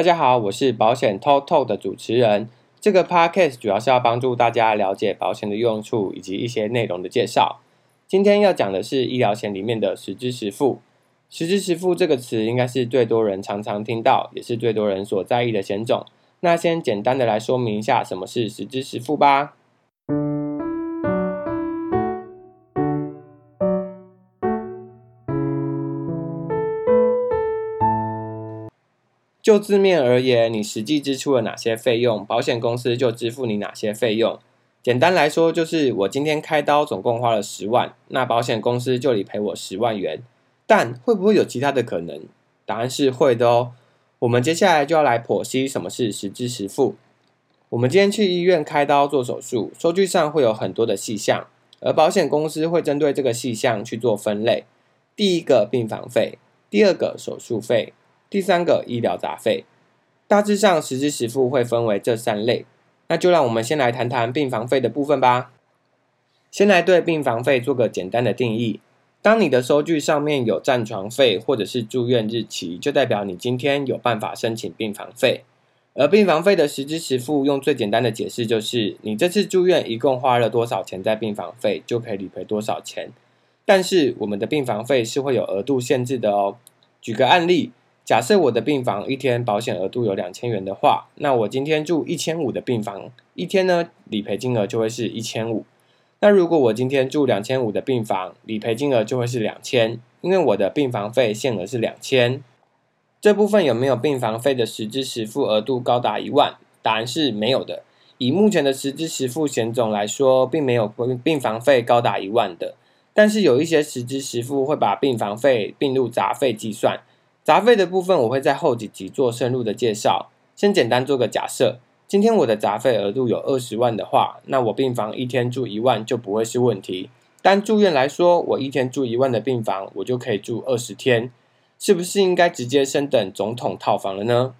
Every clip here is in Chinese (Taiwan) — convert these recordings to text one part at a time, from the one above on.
大家好，我是保險 Talk Talk 的主持人。這個 Podcast 主要是要幫助大家了解保險的用處以及一些內容的介紹。今天要講的是醫療險裡面的實支實付。實支實付這個詞應該是最多人常常聽到，也是最多人所在意的險種。那先簡單的來說明一下什麼是實支實付吧。就字面而言，你實際支出了哪些費用，保險公司就支付你哪些費用。簡單來說，就是我今天開刀總共花了十萬，那保險公司就理賠我十萬元。但會不會有其他的可能？答案是會的哦。我們接下來就要來剖析什麼是實支實付。我們今天去醫院開刀做手術，收據上會有很多的細項，而保險公司會針對這個細項去做分類。第一個，病房費；第二個，手術費。第三個醫療雜費，大致上實支實付會分為這三類，那就讓我們先來談談病房費的部分吧。先來對病房費做個簡單的定義：當你的收據上面有佔床費或者是住院日期，就代表你今天有辦法申請病房費。而病房費的實支實付，用最簡單的解釋就是，你這次住院一共花了多少錢在病房費，就可以理賠多少錢。但是我們的病房費是會有額度限制的哦。舉個案例。假設我的病房一天保險額度有兩千元的話，那我今天住一千五的病房，一天呢，理賠金額就會是一千五。那如果我今天住兩千五的病房，理賠金額就會是兩千，因為我的病房費限額是兩千。這部分有沒有病房費的實支實付額度高達一萬？答案是沒有的。以目前的實支實付險種來說，並沒有病房費高達一萬的。但是有一些實支實付會把病房費併入雜費計算。雜費的部分，我會在後幾集做深入的介紹。先簡單做個假設，今天我的雜費額度有二十萬的話，那我病房一天住一萬就不會是問題。單住院來說，我一天住一萬的病房，我就可以住二十天，是不是應該直接升等總統套房了呢？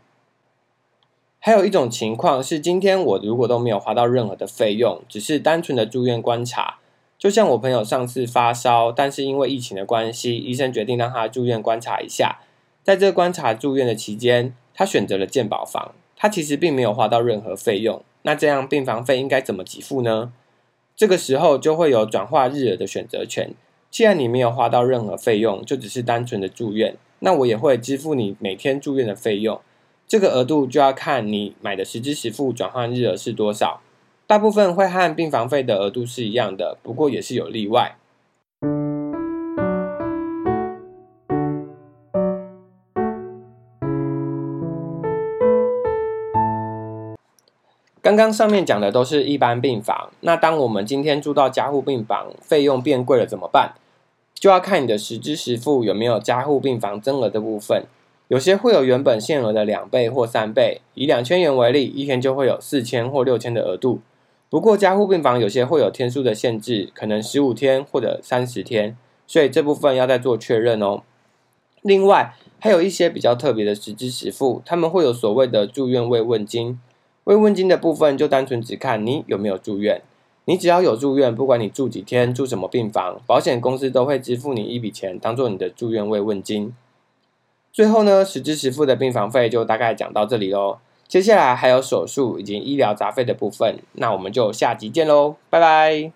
還有一種情況是，今天我如果都沒有花到任何的費用，只是單純的住院觀察，就像我朋友上次發燒，但是因為疫情的關係，醫生決定讓他住院觀察一下。在這觀察住院的期間，他選擇了健保房。他其實並沒有花到任何費用。那這樣病房費應該怎麼給付呢？這個時候就會有轉化日額的選擇權。既然你沒有花到任何費用，就只是單純的住院，那我也會支付你每天住院的費用。這個額度就要看你買的實支實付轉換日額是多少。大部分會和病房費的額度是一樣的，不過也是有例外。剛剛上面講的都是一般病房，那當我們今天住到加護病房，費用變貴了怎麼辦？就要看你的實支實付有沒有加護病房增額的部分，有些會有原本限額的兩倍或三倍。以兩千元為例，一天就會有四千或六千的額度。不過加護病房有些會有天數的限制，可能十五天或者三十天，所以這部分要再做確認哦。另外，還有一些比較特別的實支實付，他們會有所謂的住院慰問金。慰問金的部分就單純只看你有沒有住院，你只要有住院，不管你住幾天、住什麼病房，保險公司都會支付你一筆錢當做你的住院慰問金。最後呢，實支實付的病房費就大概講到這裡嘍。接下來還有手術以及醫療雜費的部分，那我們就下集見嘍，拜拜。